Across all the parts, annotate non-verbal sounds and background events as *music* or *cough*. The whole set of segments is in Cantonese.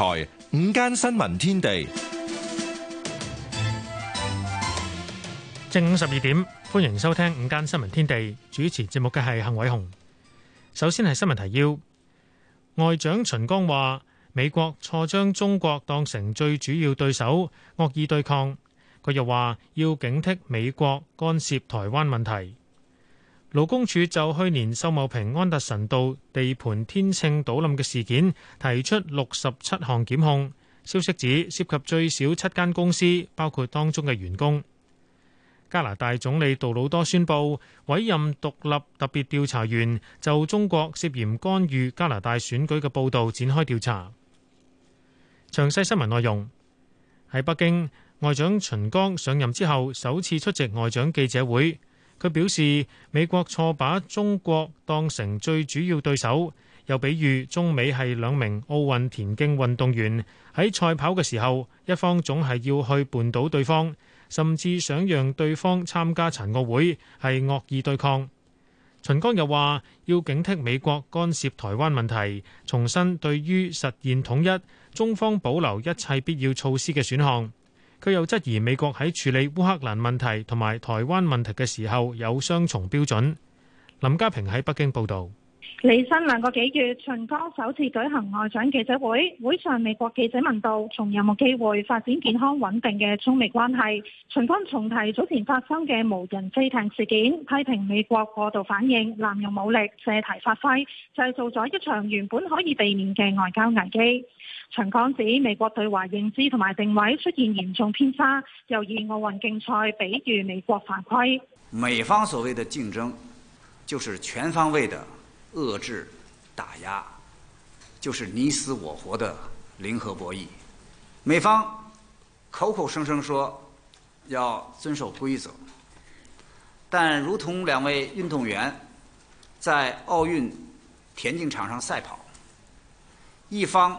台五間新聞天地，正午十二點，歡迎收聽午間新聞天地。主持節目嘅係幸偉雄。首先係新聞提要：外長秦剛話，美國錯將中國當成最主要對手，惡意對抗。佢又話要警惕美國干涉台灣問題。勞工處就去年秀茂坪安達臣道地盤天秤倒冧嘅事件，提出六十七項檢控。消息指涉及最少七間公司，包括當中嘅員工。加拿大總理杜魯多宣布委任獨立特別調查員，就中國涉嫌干預加拿大選舉嘅報道展開調查。詳細新聞內容喺北京，外長秦剛上任之後首次出席外長記者會。佢表示，美國錯把中國當成最主要對手，又比喻中美係兩名奧運田徑運動員，喺賽跑嘅時候，一方總係要去絆倒對方，甚至想讓對方參加殘奧會係惡意對抗。秦剛又話，要警惕美國干涉台灣問題，重申對於實現統一，中方保留一切必要措施嘅選項。佢又質疑美國喺處理烏克蘭問題同埋台灣問題嘅時候有雙重標準。林家平喺北京報道，履新兩個幾月，秦剛首次舉行外長記者會，會上美國記者問到，仲有冇機會發展健康穩定嘅中美關係？秦剛重提早前發生嘅無人飛艇事件，批評美國過度反應、濫用武力、借題發揮，製造咗一場原本可以避免嘅外交危機。陳剛指美國對華認知同埋定位出現嚴重偏差，又以奧運競賽比喻美國犯規。美方所謂的競爭，就是全方位的遏制、打壓，就是你死我活的零和博弈。美方口口聲聲說要遵守規則，但如同兩位運動員在奧運田徑場上賽跑，一方，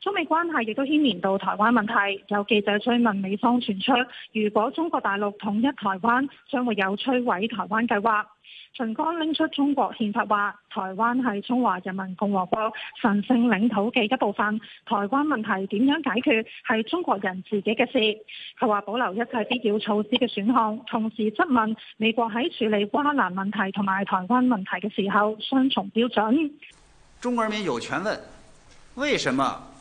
中美關係亦都牽連到台灣問題，有記者追問美方傳出，如果中國大陸統一台灣，將會有摧毀台灣計劃。秦剛拎出中國憲法話，台灣係中華人民共和國神聖領土嘅一部分，台灣問題點樣解決係中國人自己嘅事。佢話保留一切必要措施嘅選項，同時質問美國喺處理烏克蘭問題同埋台灣問題嘅時候雙重標準。中國人民有權問，為什麼？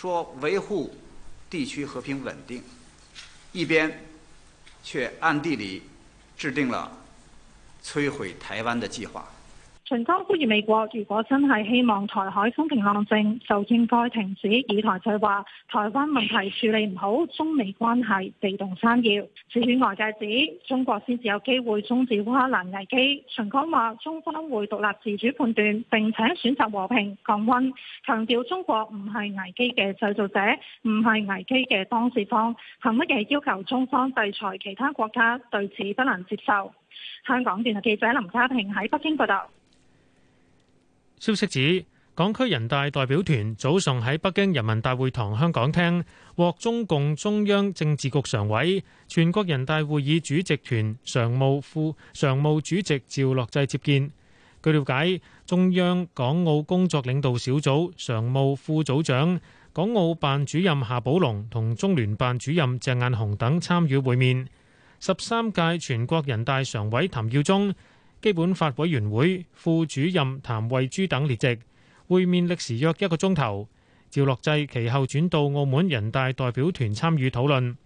說維護地區和平穩定，一邊卻暗地裏制定了摧毀台灣的計劃。秦剛呼籲美國，如果真係希望台海風平浪靜，就應該停止以台制華。，台灣問題處理唔好，中美關係地動山搖。至於外界指中國先至有機會終止烏克蘭危機。秦剛話，中方會獨立自主判斷，並且選擇和平降温，強調中國唔係危機嘅製造者，唔係危機嘅當事方。憑乜嘢要求中方制裁其他國家，對此不能接受。香港電台記者林家平喺北京報道。消息指，港區人大代表團早上喺北京人民大會堂，香港廳獲中共中央政治局常委、全國人大會議主席團常務副常務主席趙樂際接見。據了解，中央港澳工作領導小組常務副組長、港澳辦主任夏寶龍同中聯辦主任鄭雁雄等參與會面。十三屆全國人大常委譚耀宗。基本法委員會副主任譚惠珠等列席會面，歷時約一個鐘頭。趙樂際其後轉到澳門人大代表團參與討論。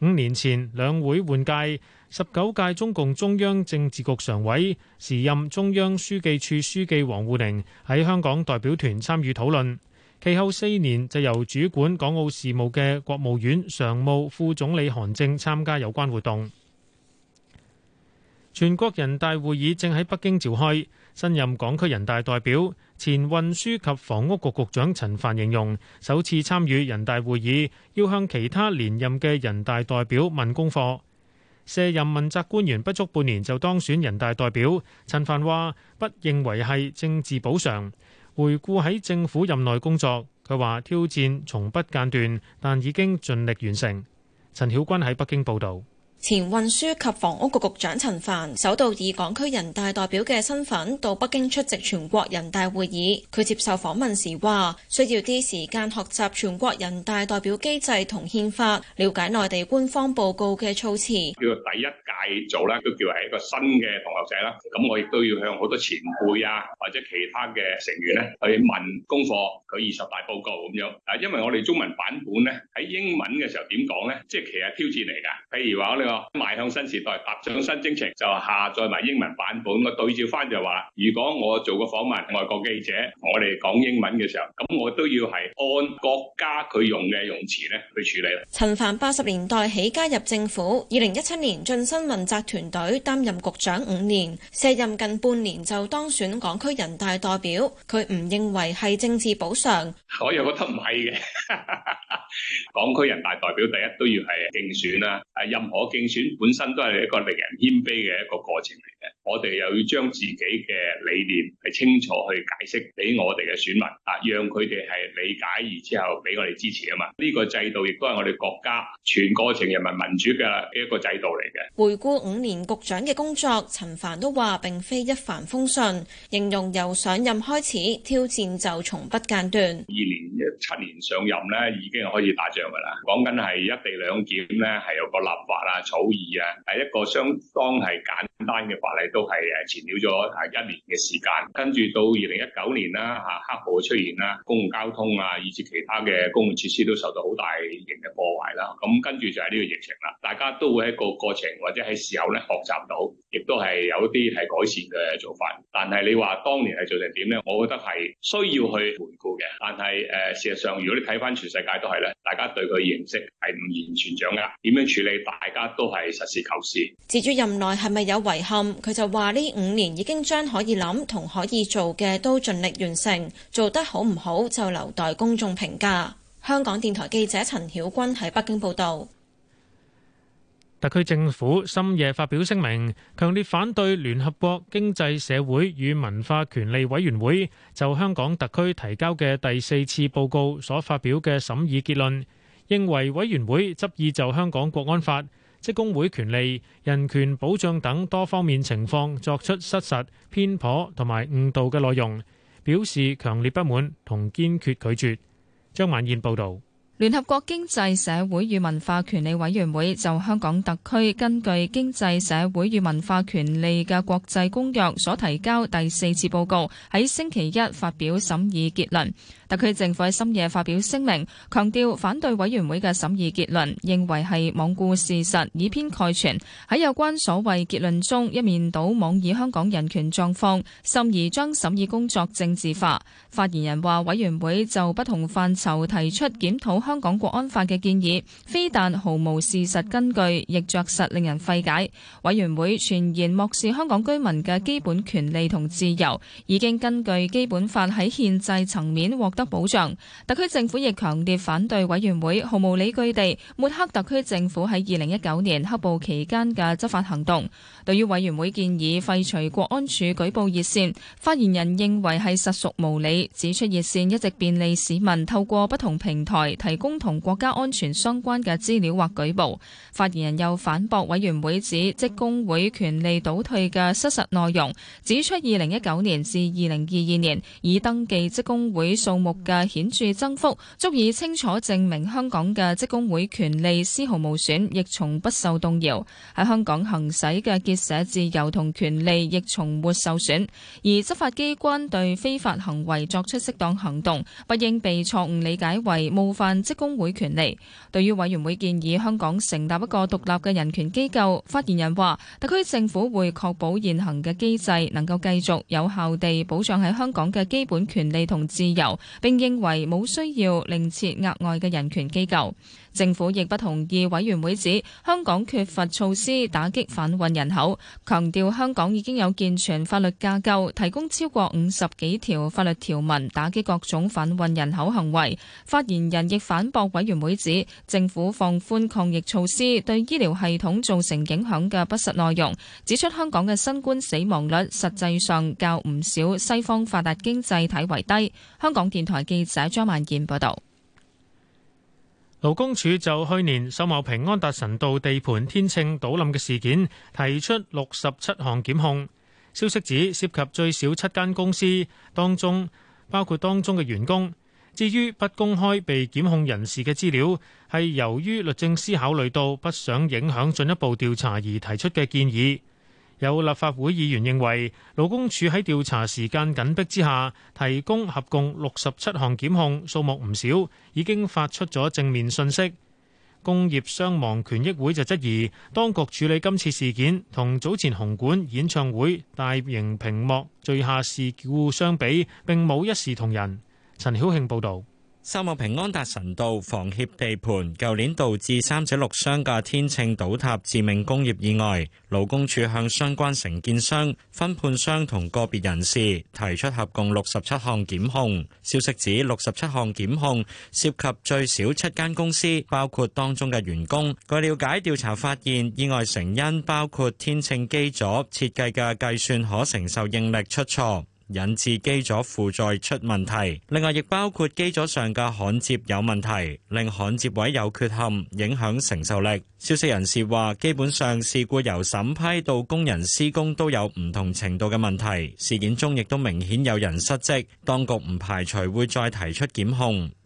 五年前兩會換屆，十九屆中共中央政治局常委、時任中央書記處書記王滬寧喺香港代表團參與討論。其後四年就由主管港澳事務嘅國務院常務副總理韓正參加有關活動。全國人大會議正喺北京召開。新任港區人大代表、前運輸及房屋局局長陳帆形容，首次參與人大會議，要向其他連任嘅人大代表問功課。卸任問責官員不足半年就當選人大代表，陳帆話不認為係政治補償。回顧喺政府任內工作，佢話挑戰從不間斷，但已經盡力完成。陳曉君喺北京報導。前運輸及房屋局局長陳帆首度以港區人大代表嘅身份到北京出席全國人大會議。佢接受訪問時話：需要啲時間學習全國人大代表機制同憲法，了解內地官方報告嘅措辭。叫第一屆做咧，都叫係一個新嘅同學仔啦。咁我亦都要向好多前輩啊，或者其他嘅成員呢去問功課。佢二十大報告咁樣啊，因為我哋中文版本呢，喺英文嘅時候點講呢？即係其實挑戰嚟㗎。譬如話邁向新時代，踏上新征程，就下載埋英文版本咁啊，對照翻就話，如果我做個訪問外國記者，我哋講英文嘅時候，咁我都要係按國家佢用嘅用詞咧去處理。陳帆八十年代起加入政府，二零一七年晉身問責團隊，擔任局長五年，卸任近半年就當選港區人大代表。佢唔認為係政治補償，我又覺得唔係嘅。港區人大代表第一都要係競選啦，啊任何。競選本身都係一個令人謙卑嘅一個過程嚟。我哋又要將自己嘅理念係清楚去解釋俾我哋嘅選民啊，讓佢哋係理解，而之後俾我哋支持啊嘛。呢個制度亦都係我哋國家全過程人民民主嘅一個制度嚟嘅。回顧五年局長嘅工作，陳帆都話並非一帆風順，形容由上任開始挑戰就從不間斷。二零一七年上任呢已經開始打仗㗎啦。講緊係一地兩檢呢係有個立法啊、草擬啊，係一個相當係簡單嘅法。係都係誒，前了咗誒一年嘅時間，跟住到二零一九年啦，嚇黑河出現啦，公共交通啊，以至其他嘅公共設施都受到好大型嘅破壞啦。咁跟住就係呢個疫情啦，大家都會喺個過程或者喺時候咧學習到，亦都係有啲係改善嘅做法。但係你話當年係做成點咧？我覺得係需要去回顧嘅。但係誒，事實上如果你睇返全世界都係咧，大家對佢認識係唔完全掌握，點樣處理大家都係實事求是。自主任內係咪有遺憾？佢就話呢五年已經將可以諗同可以做嘅都盡力完成，做得好唔好就留待公眾評價。香港電台記者陳曉君喺北京報道，特區政府深夜發表聲明，強烈反對聯合國經濟社會與文化權利委員會就香港特區提交嘅第四次報告所發表嘅審議結論，認為委員會執意就香港國安法，職工會權利、人權保障等多方面情況作出失實、偏頗同埋誤導嘅內容，表示強烈不滿同堅決拒絕張萬燕報道。聯合國經濟社會與文化權利委員會就香港特區根據經濟社會與文化權利嘅國際公約所提交第四次報告，喺星期一發表審議結論，特區政府喺深夜發表聲明，強調反對委員會嘅審議結論，認為係罔顧事實，以偏概全。喺有關所謂結論中，一面倒妄議香港人權狀況，甚而將審議工作政治化。發言人話委員會就不同範疇提出檢討香港國安法嘅建議，非但毫無事實根據，亦着實令人費解。委員會傳言漠視香港居民嘅基本權利同自由，已經根據基本法喺憲制層面獲得保障。特區政府亦強烈反對委員會，毫無理據地抹黑特區政府喺二零一九年黑暴期間嘅執法行動。對於委員會建議廢除國安處舉報熱線，發言人認為係實屬無理，指出熱線一直便利市民透過不同平台提供同國家安全相關嘅資料或舉報。發言人又反駁委員會指職工會權利倒退嘅失實內容，指出二零一九年至二零二二年已登記職工會數目嘅顯著增幅，足以清楚證明香港嘅職工會權利絲毫無損，亦從不受動搖。喺香港行使嘅建寫自由同權利亦從沒受損，而執法機關對非法行為作出適當行動，不應被錯誤理解為冒犯職工會權利。對於委員會建議香港成立一個獨立嘅人權機構，發言人話，特區政府會確保現行嘅機制能夠繼續有效地保障喺香港嘅基本權利同自由，並認為冇需要另設額外嘅人權機構。政府亦不同意委員會指香港缺乏措施打擊販運人口，強調香港已經有健全法律架構，提供超過五十幾條法律條文打擊各種販運人口行為。發言人亦反駁委員會指政府放寬抗疫措施對醫療系統造成影響嘅不實內容，指出香港嘅新冠死亡率實際上較唔少西方發達經濟體為低。香港電台記者張萬健報道。勞工處就去年秀茂坪安達臣道地盤天秤倒冧嘅事件，提出六十七項檢控。消息指涉及最少七間公司，當中包括當中嘅員工。至於不公開被檢控人士嘅資料，係由於律政司考慮到不想影響進一步調查而提出嘅建議。有立法會議員認為，勞工處喺調查時間緊迫之下，提供合共六十七項檢控，數目唔少，已經發出咗正面訊息。工業傷亡權益會就質疑，當局處理今次事件同早前紅館演唱會大型屏幕墜下事故相比，並冇一視同仁。陳曉慶報導。秀茂坪安達臣道房協地盤，舊年導致三死六傷嘅天秤倒塌致命工業意外，勞工處向相關承建商、分判商同個別人士提出合共六十七項檢控。消息指六十七項檢控涉及最少七間公司，包括當中嘅員工。據了解，調查發現意外成因包括天秤機組設計嘅計算可承受應力出錯。引致機組負載出問題，另外亦包括機組上嘅焊接有問題，令焊接位有缺陷，影響承受力。消息人士話，基本上事故由審批到工人施工都有唔同程度嘅問題，事件中亦都明顯有人失職，當局唔排除會再提出檢控。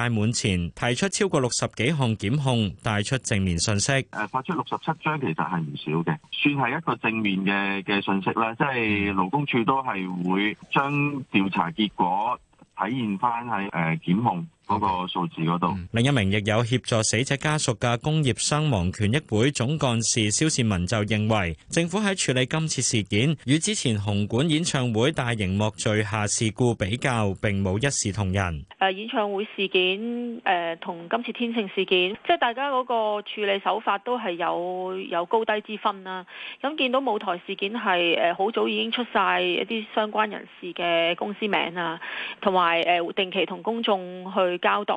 屆滿前提出超過六十幾項檢控，帶出正面信息。誒，發出六十七張，其實係唔少嘅，算係一個正面嘅嘅信息啦。即係勞工處都係會將調查結果體現翻喺誒檢控。嗰個數字嗰度，另一名亦有協助死者家屬嘅工業傷亡權益會總幹事蕭倩文就認為，政府喺處理今次事件與之前紅館演唱會大熒幕墜下事故比較並冇一視同仁。誒演唱會事件誒同今次天秤事件，即係大家嗰個處理手法都係有有高低之分啦。咁見到舞台事件係誒好早已經出曬一啲相關人士嘅公司名啊，同埋誒定期同公眾去。交代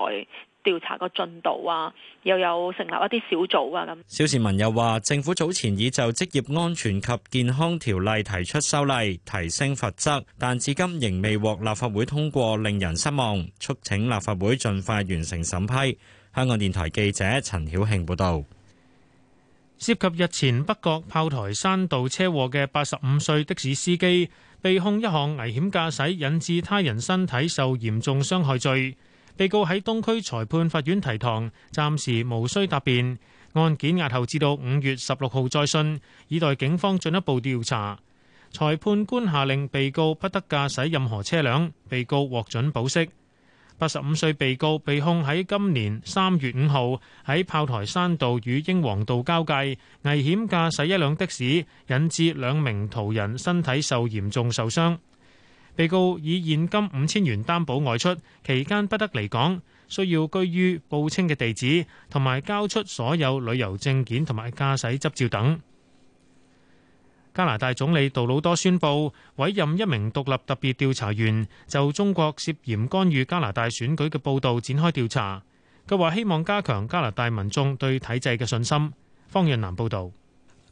調查個進度啊，又有成立一啲小組啊，咁。小市民又話：政府早前已就職業安全及健康條例提出修例，提升罰則，但至今仍未獲立法會通過，令人失望。促請立法會盡快完成審批。香港電台記者陳曉慶報道。涉及日前北角炮台山道車禍嘅八十五歲的士司機，被控一項危險駕駛引致他人身體受嚴重傷害罪。被告喺東區裁判法院提堂，暫時無需答辯，案件押後至到五月十六號再訊，以待警方進一步調查。裁判官下令被告不得駕駛任何車輛，被告獲准保釋。八十五歲被告被控喺今年三月五號喺炮台山道與英皇道交界危險駕駛一輛的士，引致兩名途人身體受嚴重受傷。被告以現金五千元擔保外出，期間不得離港，需要居於報稱嘅地址，同埋交出所有旅遊證件同埋駕駛執照等。加拿大總理杜魯多宣布委任一名獨立特別調查員就中國涉嫌干預加拿大選舉嘅報導展開調查。佢話希望加強加拿大民眾對體制嘅信心。方潤南報導。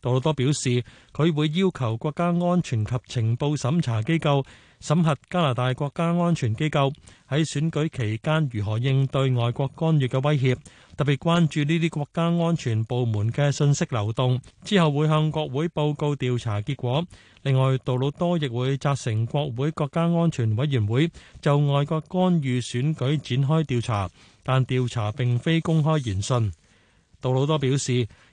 杜魯多表示，佢會要求國家安全及情報審查機構審核加拿大國家安全機構喺選舉期間如何應對外國干預嘅威脅，特別關注呢啲國家安全部門嘅信息流動。之後會向國會報告調查結果。另外，杜魯多亦會責成國會國家安全委員會就外國干預選舉展開調查，但調查並非公開言訊。杜魯多表示。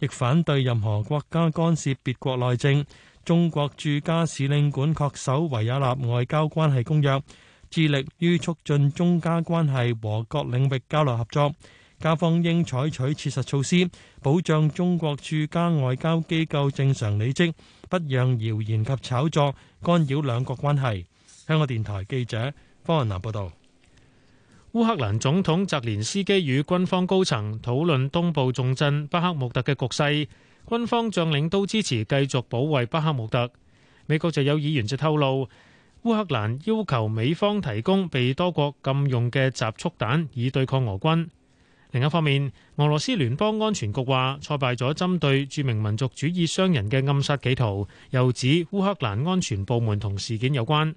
亦反對任何國家干涉別國內政。中國駐加使領館恪守《維也納外交關係公約》，致力於促進中加關係和各領域交流合作。加方應採取切實措施，保障中國駐加外交機構正常履職，不讓謠言及炒作干擾兩國關係。香港電台記者方雲南報道。烏克蘭總統澤連斯基與軍方高層討論東部重鎮巴赫穆特嘅局勢，軍方將領都支持繼續保衛巴赫穆特。美國就有議員就透露，烏克蘭要求美方提供被多國禁用嘅集束彈，以對抗俄軍。另一方面，俄羅斯聯邦安全局話挫敗咗針對著名民族主義商人嘅暗殺企圖，又指烏克蘭安全部門同事件有關。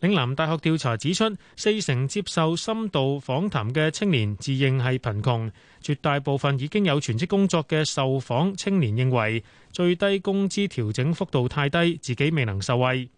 嶺南大學調查指出，四成接受深度訪談嘅青年自認係貧窮，絕大部分已經有全職工作嘅受訪青年認為最低工資調整幅度太低，自己未能受惠。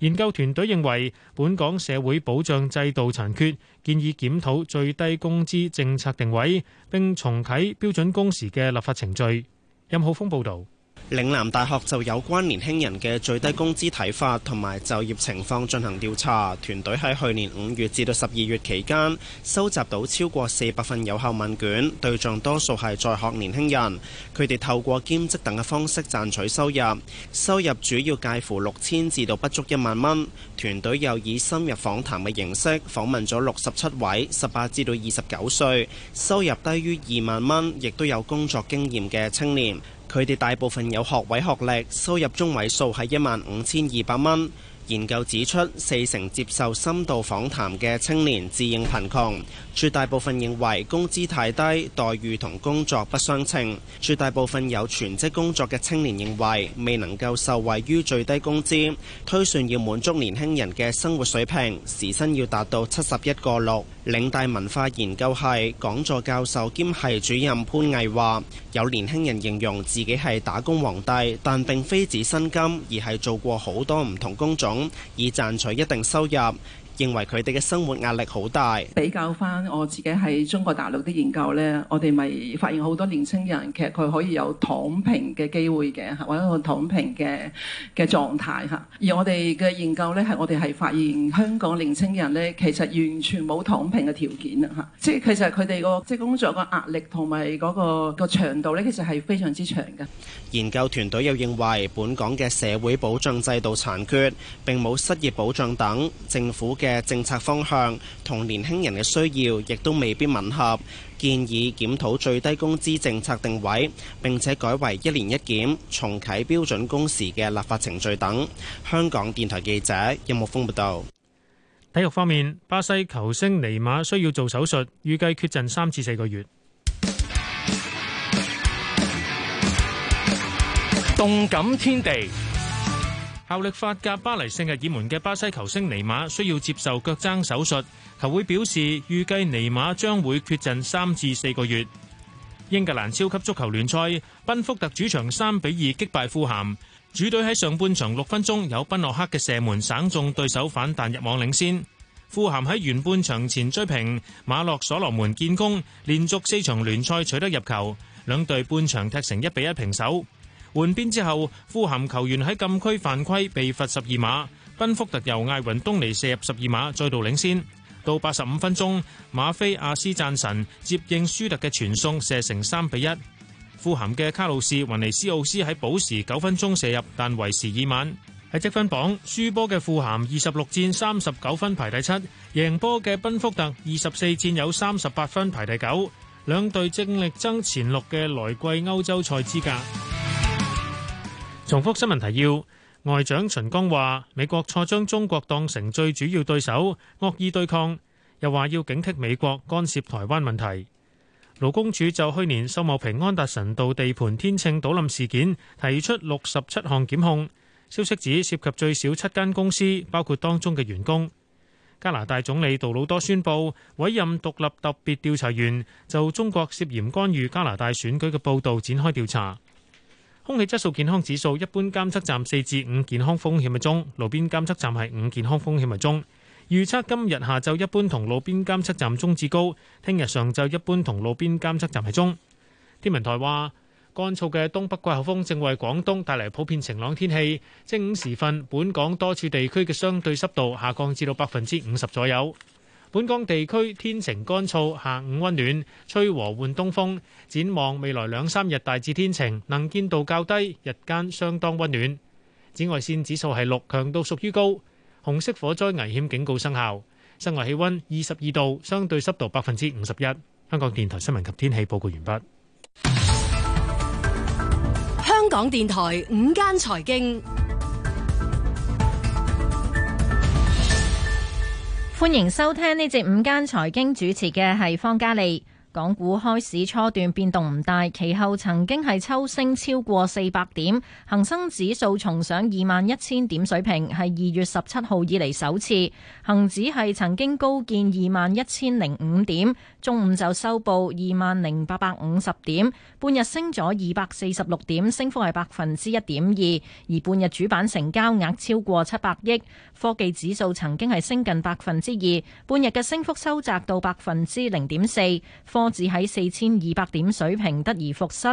研究團隊認為，本港社會保障制度殘缺，建議檢討最低工資政策定位，並重啟標準工時嘅立法程序。任浩峰報導。嶺南大學就有關年輕人嘅最低工資睇法同埋就業情況進行調查，團隊喺去年五月至到十二月期間收集到超過四百份有效問卷，對象多數係在學年輕人，佢哋透過兼職等嘅方式賺取收入，收入主要介乎六千至到不足一萬蚊。團隊又以深入訪談嘅形式訪問咗六十七位十八至到二十九歲、收入低於二萬蚊，亦都有工作經驗嘅青年。佢哋大部分有學位學歷，收入中位數係一萬五千二百蚊。研究指出，四成接受深度訪談嘅青年自認貧窮。絕大部分認為工資太低，待遇同工作不相稱。絕大部分有全職工作嘅青年認為未能夠受惠於最低工資。推算要滿足年輕人嘅生活水平，時薪要達到七十一個六。嶺大文化研究系講座教授兼系主任潘毅話：有年輕人形容自己係打工皇帝，但並非指薪金，而係做過好多唔同工種，以賺取一定收入。認為佢哋嘅生活壓力好大。比較翻我自己喺中國大陸啲研究呢，我哋咪發現好多年青人其實佢可以有躺平嘅機會嘅，或者個躺平嘅嘅狀態嚇。而我哋嘅研究呢，係我哋係發現香港年青人呢，其實完全冇躺平嘅條件啊嚇。即係其實佢哋個即工作個壓力同埋嗰個個長度呢，其實係非常之長嘅。研究團隊又認為，本港嘅社會保障制度殘缺，並冇失業保障等政府，嘅政策方向同年輕人嘅需要，亦都未必吻合。建議檢討最低工資政策定位，並且改為一年一檢、重啟標準工時嘅立法程序等。香港電台記者任木峰報道。體育方面，巴西球星尼瑪需要做手術，預計缺陣三至四個月。動感天地。效力法甲巴黎聖日耳門嘅巴西球星尼馬需要接受腳踭手術，球會表示預計尼馬將會缺陣三至四個月。英格蘭超級足球聯賽，賓福特主場三比二擊敗富咸，主隊喺上半場六分鐘有賓洛克嘅射門省中對手反彈入網領先，富咸喺完半場前追平，馬諾所羅門建功，連續四場聯賽取得入球，兩隊半場踢成一比一平手。換邊之後，富咸球員喺禁區犯規，被罰十二碼。賓福特由艾雲東尼射入十二碼，再度領先。到八十五分鐘，馬菲阿斯贊臣接應舒特嘅傳送，射成三比一。富咸嘅卡路士雲尼斯奧斯喺補時九分鐘射入，但為時已晚。喺積分榜，輸波嘅富咸二十六戰三十九分排第七，贏波嘅賓福特二十四戰有三十八分排第九。兩隊正力爭前六嘅來季歐洲賽資格。重複新聞提要：外長秦剛話，美國錯將中國當成最主要對手，惡意對抗；又話要警惕美國干涉台灣問題。勞工處就去年秀茂坪安達臣道地盤天秤倒冧事件提出六十七項檢控。消息指涉及最少七間公司，包括當中嘅員工。加拿大總理杜魯多宣布委任獨立特別調查員就中國涉嫌干預加拿大選舉嘅報道展開調查。空氣質素健康指數，一般監測站四至五，健康風險係中，路邊監測站係五，健康風險係中。預測今日下晝一般同路邊監測站中至高，聽日上晝一般同路邊監測站係中。天文台話，乾燥嘅東北季候風正為廣東帶嚟普遍晴朗天氣，正午時分本港多處地區嘅相對濕度下降至到百分之五十左右。本港地區天晴乾燥，下午溫暖，吹和緩東風。展望未來兩三日，大致天晴，能見度較低，日間相當溫暖。紫外線指數係六，強度屬於高，紅色火災危險警告生效。室外氣溫二十二度，相對濕度百分之五十一。香港電台新聞及天氣報告完畢。香港電台午間財經。歡迎收聽呢節午間財經，主持嘅係方嘉利。港股開市初段變動唔大，其後曾經係抽升超過四百點，恒生指數重上二萬一千點水平，係二月十七號以嚟首次。恒指係曾經高見二萬一千零五點，中午就收報二萬零八百五十點，半日升咗二百四十六點，升幅係百分之一點二。而半日主板成交額超過七百億，科技指數曾經係升近百分之二，半日嘅升幅收窄到百分之零點四。科指喺四千二百點水平得而復失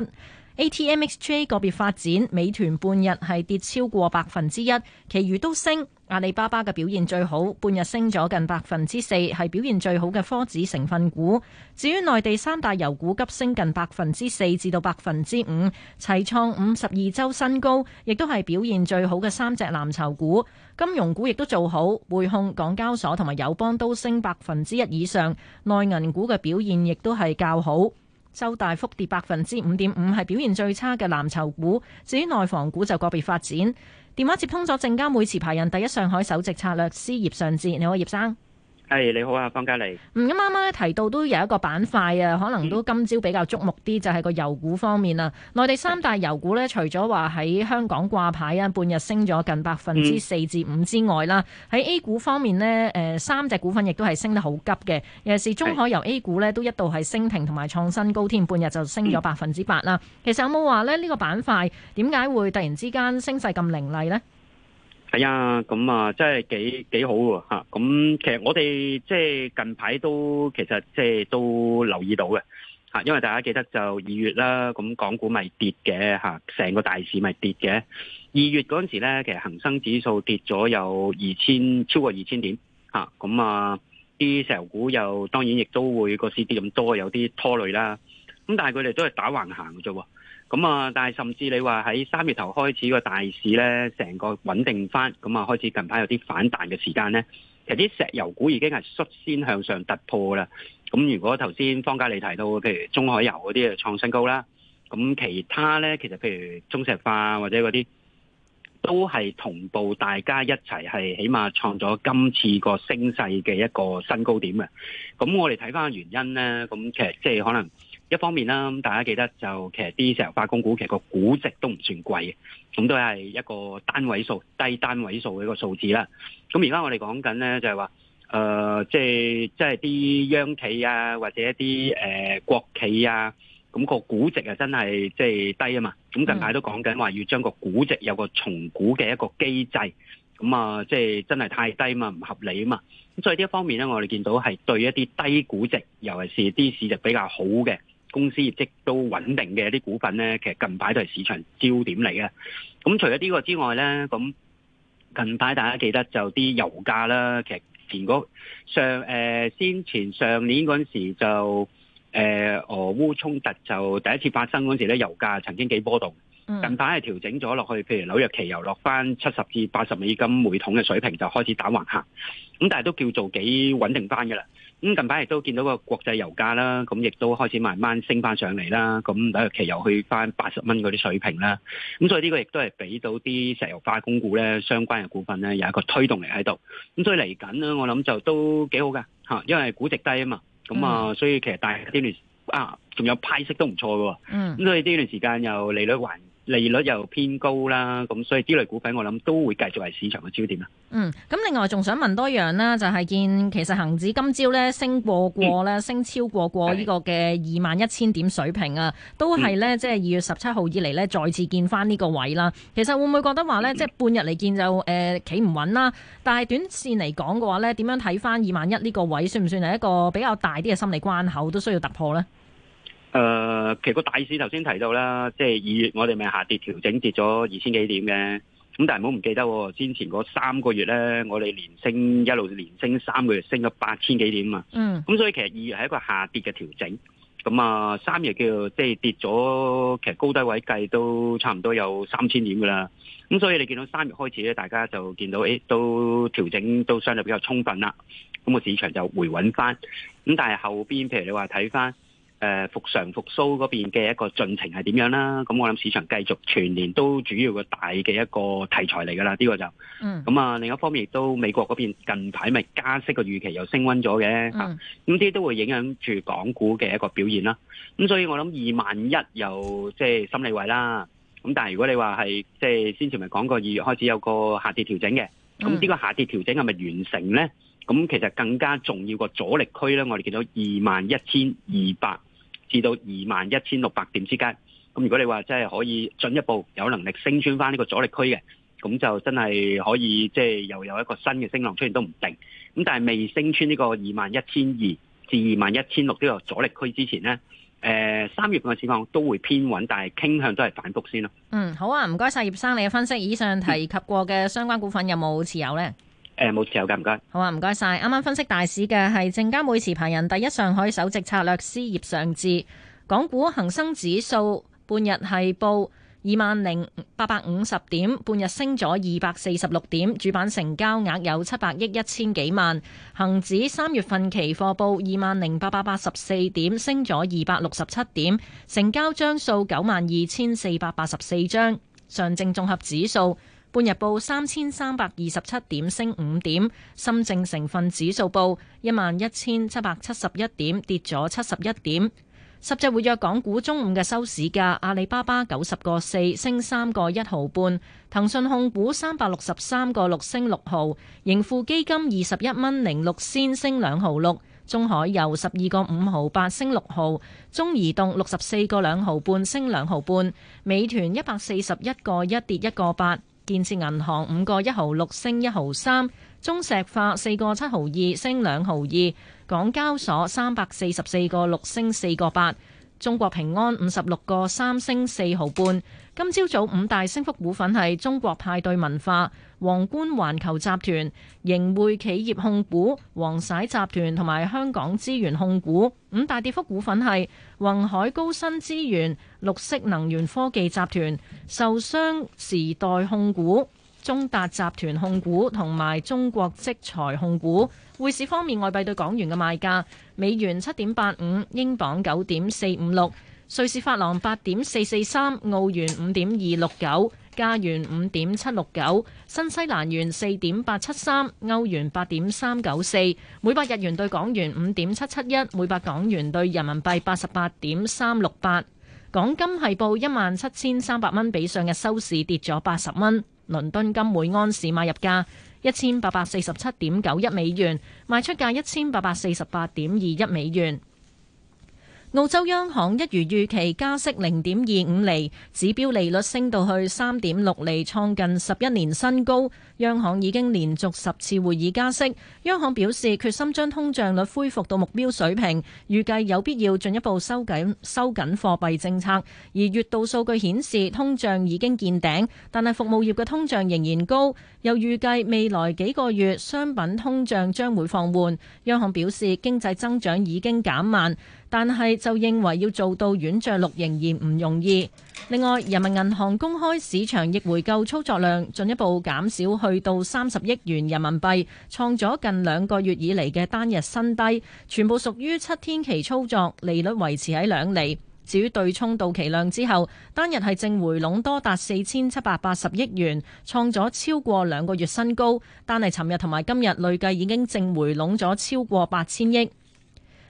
，ATMXJ 個別發展，美團半日係跌超過百分之一，其餘都升。阿里巴巴嘅表現最好，半日升咗近百分之四，係表現最好嘅科指成分股。至於內地三大油股急升近百分之四至到百分之五，齊創五十二周新高，亦都係表現最好嘅三隻藍籌股。金融股亦都做好，匯控、港交所同埋友邦都升百分之一以上。內銀股嘅表現亦都係較好，周大福跌百分之五點五，係表現最差嘅藍籌股。至於內房股就個別發展。電話接通咗證監會持牌人第一上海首席策略師葉尚志，你好，葉生。係、哎、你好啊，方嘉莉。咁啱啱咧提到，都有一個板塊啊，可能都今朝比較矚目啲，就係、是、個油股方面啦。內地三大油股咧，除咗話喺香港掛牌啊，半日升咗近百分之四至五之外啦，喺 A 股方面呢，誒，三隻股份亦都係升得好急嘅。尤其是中海油 A 股呢，都一度係升停同埋創新高添，半日就升咗百分之八啦。其實有冇話咧，呢個板塊點解會突然之間升勢咁凌厲呢？係啊，咁、嗯、啊，真係幾幾好喎吓，咁、嗯、其實我哋即係近排都其實即係都留意到嘅，因為大家記得就二月啦，咁港股咪跌嘅，成個大市咪跌嘅。二月嗰陣時咧，其實恒生指數跌咗有二千，超過二千點，咁啊，啲、嗯、石油股又當然亦都會個市跌咁多，有啲拖累啦。咁但係佢哋都係打橫行嘅啫。咁啊，但係甚至你話喺三月頭開始個大市咧，成個穩定翻，咁啊開始近排有啲反彈嘅時間咧，其實啲石油股已經係率先向上突破啦。咁如果頭先方家你提到，譬如中海油嗰啲啊，創新高啦，咁其他咧其實譬如中石化或者嗰啲都係同步，大家一齊係起碼創咗今次個升勢嘅一個新高點嘅。咁我哋睇翻原因咧，咁其實即係可能。一方面啦，咁大家記得就其實啲石油化工股其實個估值都唔算貴，咁都係一個單位數低單位數嘅一個數字啦。咁而家我哋講緊咧就係話，誒即係即係啲央企啊，或者一啲誒、呃、國企啊，咁、那個估值啊真係即係低啊嘛。咁近排都講緊話要將個估值有個重估嘅一個機制，咁啊即係、就是、真係太低啊嘛，唔合理啊嘛。咁所以呢一方面咧，我哋見到係對一啲低估值，尤其是啲市值比較好嘅公司業績都穩定嘅啲股份咧，其實近排都係市場焦點嚟嘅。咁除咗呢個之外咧，咁近排大家記得就啲油價啦。其實前嗰上誒、呃、先前上年嗰陣時就誒俄、呃、烏衝突就第一次發生嗰陣時咧，油價曾經幾波動。嗯、近排係調整咗落去，譬如紐約期油落翻七十至八十美金每桶嘅水平，就開始打橫行。咁但係都叫做幾穩定翻嘅啦。咁近排亦都見到個國際油價啦，咁亦都開始慢慢升翻上嚟啦，咁睇下期油去翻八十蚊嗰啲水平啦。咁所以呢個亦都係俾到啲石油化工股咧相關嘅股份咧有一個推動力喺度。咁所以嚟緊咧，我諗就都幾好噶嚇，因為估值低啊嘛。咁啊、嗯，所以其實但係呢段啊，仲有派息都唔錯嘅喎。嗯。咁所以呢段時間又利率環。利率又偏高啦，咁所以啲類股份我諗都會繼續係市場嘅焦點啦。嗯，咁另外仲想問多樣啦，就係、是、見其實恒指今朝咧升過過咧，嗯、升超過過呢個嘅二萬一千點水平啊，嗯、都係咧即係二月十七號以嚟咧再次見翻呢個位啦。其實會唔會覺得話咧，嗯、即係半日嚟見就誒企唔穩啦？但係短線嚟講嘅話咧，點樣睇翻二萬一呢個位，算唔算係一個比較大啲嘅心理關口都需要突破呢？誒、呃，其實個大市頭先提到啦，即係二月我哋咪下跌調整，跌咗二千幾點嘅。咁但係唔好唔記得，先前嗰三個月咧，我哋連升一路連升三個月，升咗八千幾點啊嘛。嗯。咁所以其實二月係一個下跌嘅調整。咁啊，三月叫即係、就是、跌咗，其實高低位計都差唔多有三千點噶啦。咁所以你見到三月開始咧，大家就見到誒、欸，都調整都相對比較充分啦。咁、那個市場就回穩翻。咁但係後邊，譬如你話睇翻。誒、呃、復常復甦嗰邊嘅一個進程係點樣啦？咁我諗市場繼續全年都主要個大嘅一個題材嚟㗎啦。呢、這個就，嗯，咁啊另一方面亦都美國嗰邊近排咪加息個預期又升溫咗嘅嚇，咁啲、嗯啊、都會影響住港股嘅一個表現啦。咁所以我諗二萬一又即係心理位啦。咁但係如果你話係即係先前咪講過二月開始有個下跌調整嘅，咁呢、嗯、個下跌調整係咪完成咧？咁其實更加重要個阻力區咧，我哋見到二萬一千二百。至到二萬一千六百點之間，咁如果你話即係可以進一步有能力升穿翻呢個阻力區嘅，咁就真係可以即係又有一個新嘅升浪出現都唔定。咁但係未升穿呢個二萬一千二至二萬一千六呢個阻力區之前呢，呃，三月份嘅情況都會偏穩，但係傾向都係反覆先咯。嗯，好啊，唔該晒葉生你嘅分析。以上提及過嘅相關股份有冇持有呢？誒，冇時候噶，唔該。好啊，唔該晒。啱啱分析大市嘅係證監會持牌人第一上海首席策略師葉尚志。港股恒生指數半日係報二萬零八百五十點，半日升咗二百四十六點，主板成交額有七百億一千幾萬。恒指三月份期貨報二萬零八百八十四點，升咗二百六十七點，成交張數九萬二千四百八十四張。上證綜合指數。半日報三千三百二十七點，升五點。深證成分指數報一萬一千七百七十一點，跌咗七十一點。十隻活躍港股中午嘅收市價，阿里巴巴九十個四升三個一毫半，騰訊控股三百六十三個六升六毫，盈富基金二十一蚊零六仙升兩毫六，中海油十二個五毫八升六毫，中移動六十四個兩毫半升兩毫半，美團一百四十一個一跌一個八。建設銀行五個一毫六升一毫三，中石化四個七毫二升兩毫二，港交所三百四十四個六升四個八，中國平安五十六個三升四毫半。今朝早五大升幅股份係中國派對文化、皇冠環球集團、盈匯企業控股、皇璽集團同埋香港資源控股。五大跌幅股份係宏海高新資源、綠色能源科技集團、受商時代控股、中達集團控股同埋中國積材控股。匯市方面，外幣對港元嘅賣價：美元七點八五，英鎊九點四五六。瑞士法郎八點四四三，澳元五點二六九，加元五點七六九，新西蘭元四點八七三，歐元八點三九四，每百日元對港元五點七七一，每百港元對人民幣八十八點三六八。港金係報一萬七千三百蚊，比上日收市跌咗八十蚊。倫敦金每安士買入價一千八百四十七點九一美元，賣出價一千八百四十八點二一美元。澳洲央行一如預期加息零點二五厘，指標利率升到去三點六厘，創近十一年新高。央行已經連續十次會議加息。央行表示決心將通脹率恢復到目標水平，預計有必要進一步收緊收緊貨幣政策。而月度數據顯示通脹已經見頂，但係服務業嘅通脹仍然高，又預計未來幾個月商品通脹將會放緩。央行表示經濟增長已經減慢。但係就認為要做到軟着陸仍然唔容易。另外，人民銀行公開市場逆回購操作量進一步減少，去到三十億元人民幣，創咗近兩個月以嚟嘅單日新低。全部屬於七天期操作，利率維持喺兩厘。至於對沖到期量之後，單日係淨回籠多達四千七百八十億元，創咗超過兩個月新高。但係，尋日同埋今日累計已經淨回籠咗超過八千億。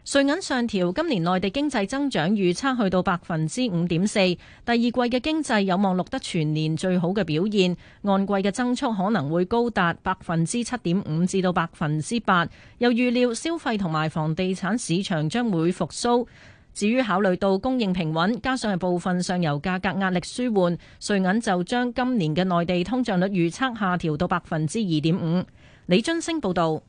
瑞銀上調，今年內地經濟增長預測去到百分之五點四，第二季嘅經濟有望錄得全年最好嘅表現，按季嘅增速可能會高達百分之七點五至到百分之八。又預料消費同埋房地產市場將會復甦。至於考慮到供應平穩，加上係部分上游價格壓力舒緩，瑞銀就將今年嘅內地通脹率預測下調到百分之二點五。李津星報導。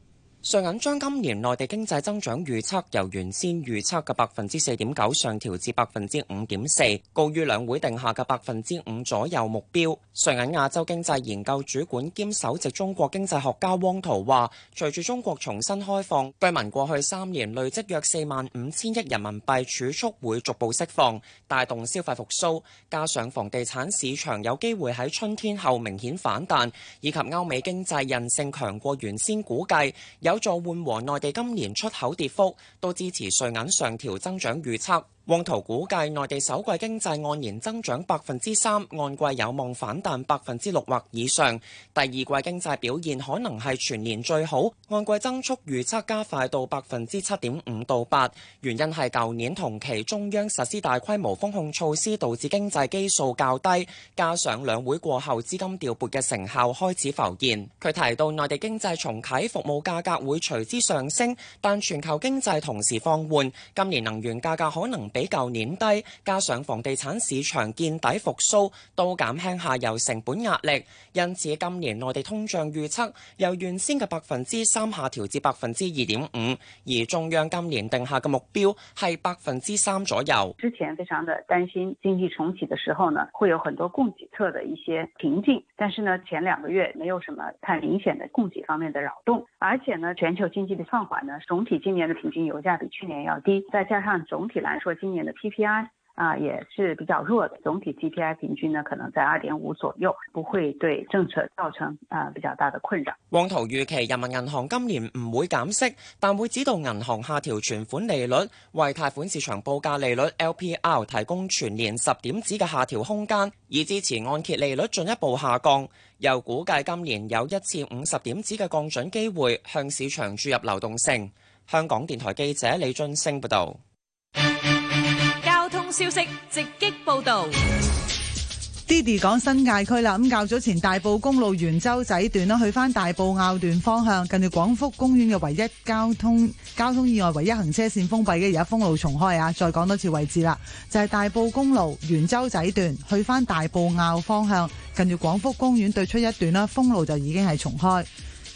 瑞銀將今年內地經濟增長預測由原先預測嘅百分之四點九上調至百分之五點四，高於兩會定下嘅百分之五左右目標。瑞銀亞洲經濟研究主管兼首席中國經濟學家汪濤話，隨住中國重新開放，居民過去三年累積約四萬五千億人民幣儲蓄會逐步釋放，帶動消費復甦。加上房地產市場有機會喺春天後明顯反彈，以及歐美經濟韌性強過原先估計，有助緩和內地今年出口跌幅，都支持瑞銀上調增長預測。旺圖估計內地首季經濟按年增長百分之三，按季有望反彈百分之六或以上。第二季經濟表現可能係全年最好，按季增速預測加快到百分之七點五到八。原因係舊年同期中央實施大規模封控措施，導致經濟基數較低，加上兩會過後資金調撥嘅成效開始浮現。佢提到內地經濟重啟，服務價格會隨之上升，但全球經濟同時放緩，今年能源價格可能比舊年低，加上房地產市場見底復甦，都減輕下游成本壓力。因此今年內地通脹預測由原先嘅百分之三下調至百分之二點五，而中央今年定下嘅目標係百分之三左右。之前非常的擔心經濟重啟的時候呢，會有很多供給側的一些瓶頸，但是呢，前兩個月沒有什麼太明顯的供給方面的擾動，而且呢全球經濟的放緩呢，總體今年的平均油價比去年要低，再加上總體來說。今年的 PPI 啊，也是比較弱的，總體 PPI 平均呢，可能在二點五左右，不會對政策造成啊比較大的困擾。黃圖預期人民銀行今年唔會減息，但會指導銀行下調存款利率，為貸款市場報價利率 LPR 提供全年十點子嘅下調空間，以支持按揭利率進一步下降。又估計今年有一次五十點子嘅降準機會，向市場注入流動性。香港電台記者李俊陞報道。消息直擊報道 d d y 講新界區啦，咁較早前大埔公路圓洲仔段啦，去翻大埔坳段方向，近住廣福公園嘅唯一交通交通意外，唯一行車線封閉嘅，而家封路重開啊！再講多次位置啦，就係、是、大埔公路圓洲仔段，去翻大埔坳方向，近住廣福公園對出一段啦，封路就已經係重開。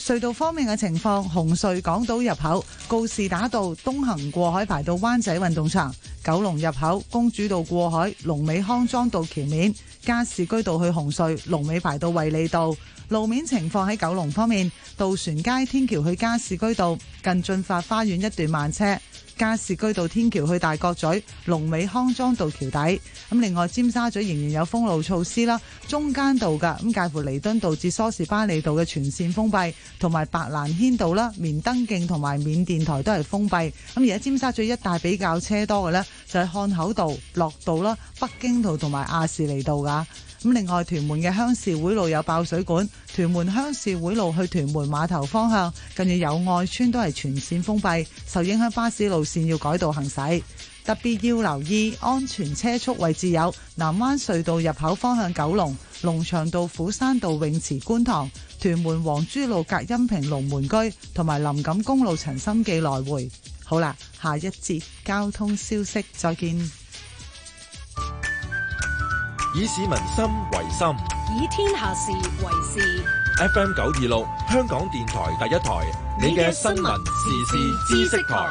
隧道方面嘅情況，紅隧港島入口告士打道東行過海排到灣仔運動場；九龍入口公主道過海龍尾康莊道橋面，加士居道去紅隧龍尾排到衛理道。路面情況喺九龍方面，渡船街天橋去加士居道近駿發花園一段慢車。加士居道天橋去大角咀、龍尾康莊道橋底，咁另外尖沙咀仍然有封路措施啦，中間道噶，咁介乎彌敦道至梳士巴利道嘅全線封閉，同埋白蘭軒道啦、棉登徑同埋緬甸台都係封閉。咁而家尖沙咀一帶比較車多嘅呢，就係漢口道、樂道啦、北京道同埋亞士尼道噶。咁另外，屯門嘅鄉事會路有爆水管，屯門鄉事會路去屯門碼頭方向，近住友愛村都係全線封閉，受影響巴士路線要改道行駛，特別要留意安全車速位置有南灣隧道入口方向九龍龍翔道、場虎山道泳池、觀塘、屯門黃珠路、隔音屏、龍門居同埋林錦公路陳心記來回。好啦，下一節交通消息，再見。以市民心為心，以天下事為事。FM 九二六，香港電台第一台，你嘅新聞、新聞時事、知識台。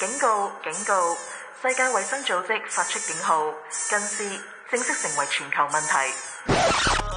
警告！警告！世界衛生組織發出警號，近視正式成為全球問題。 *noise*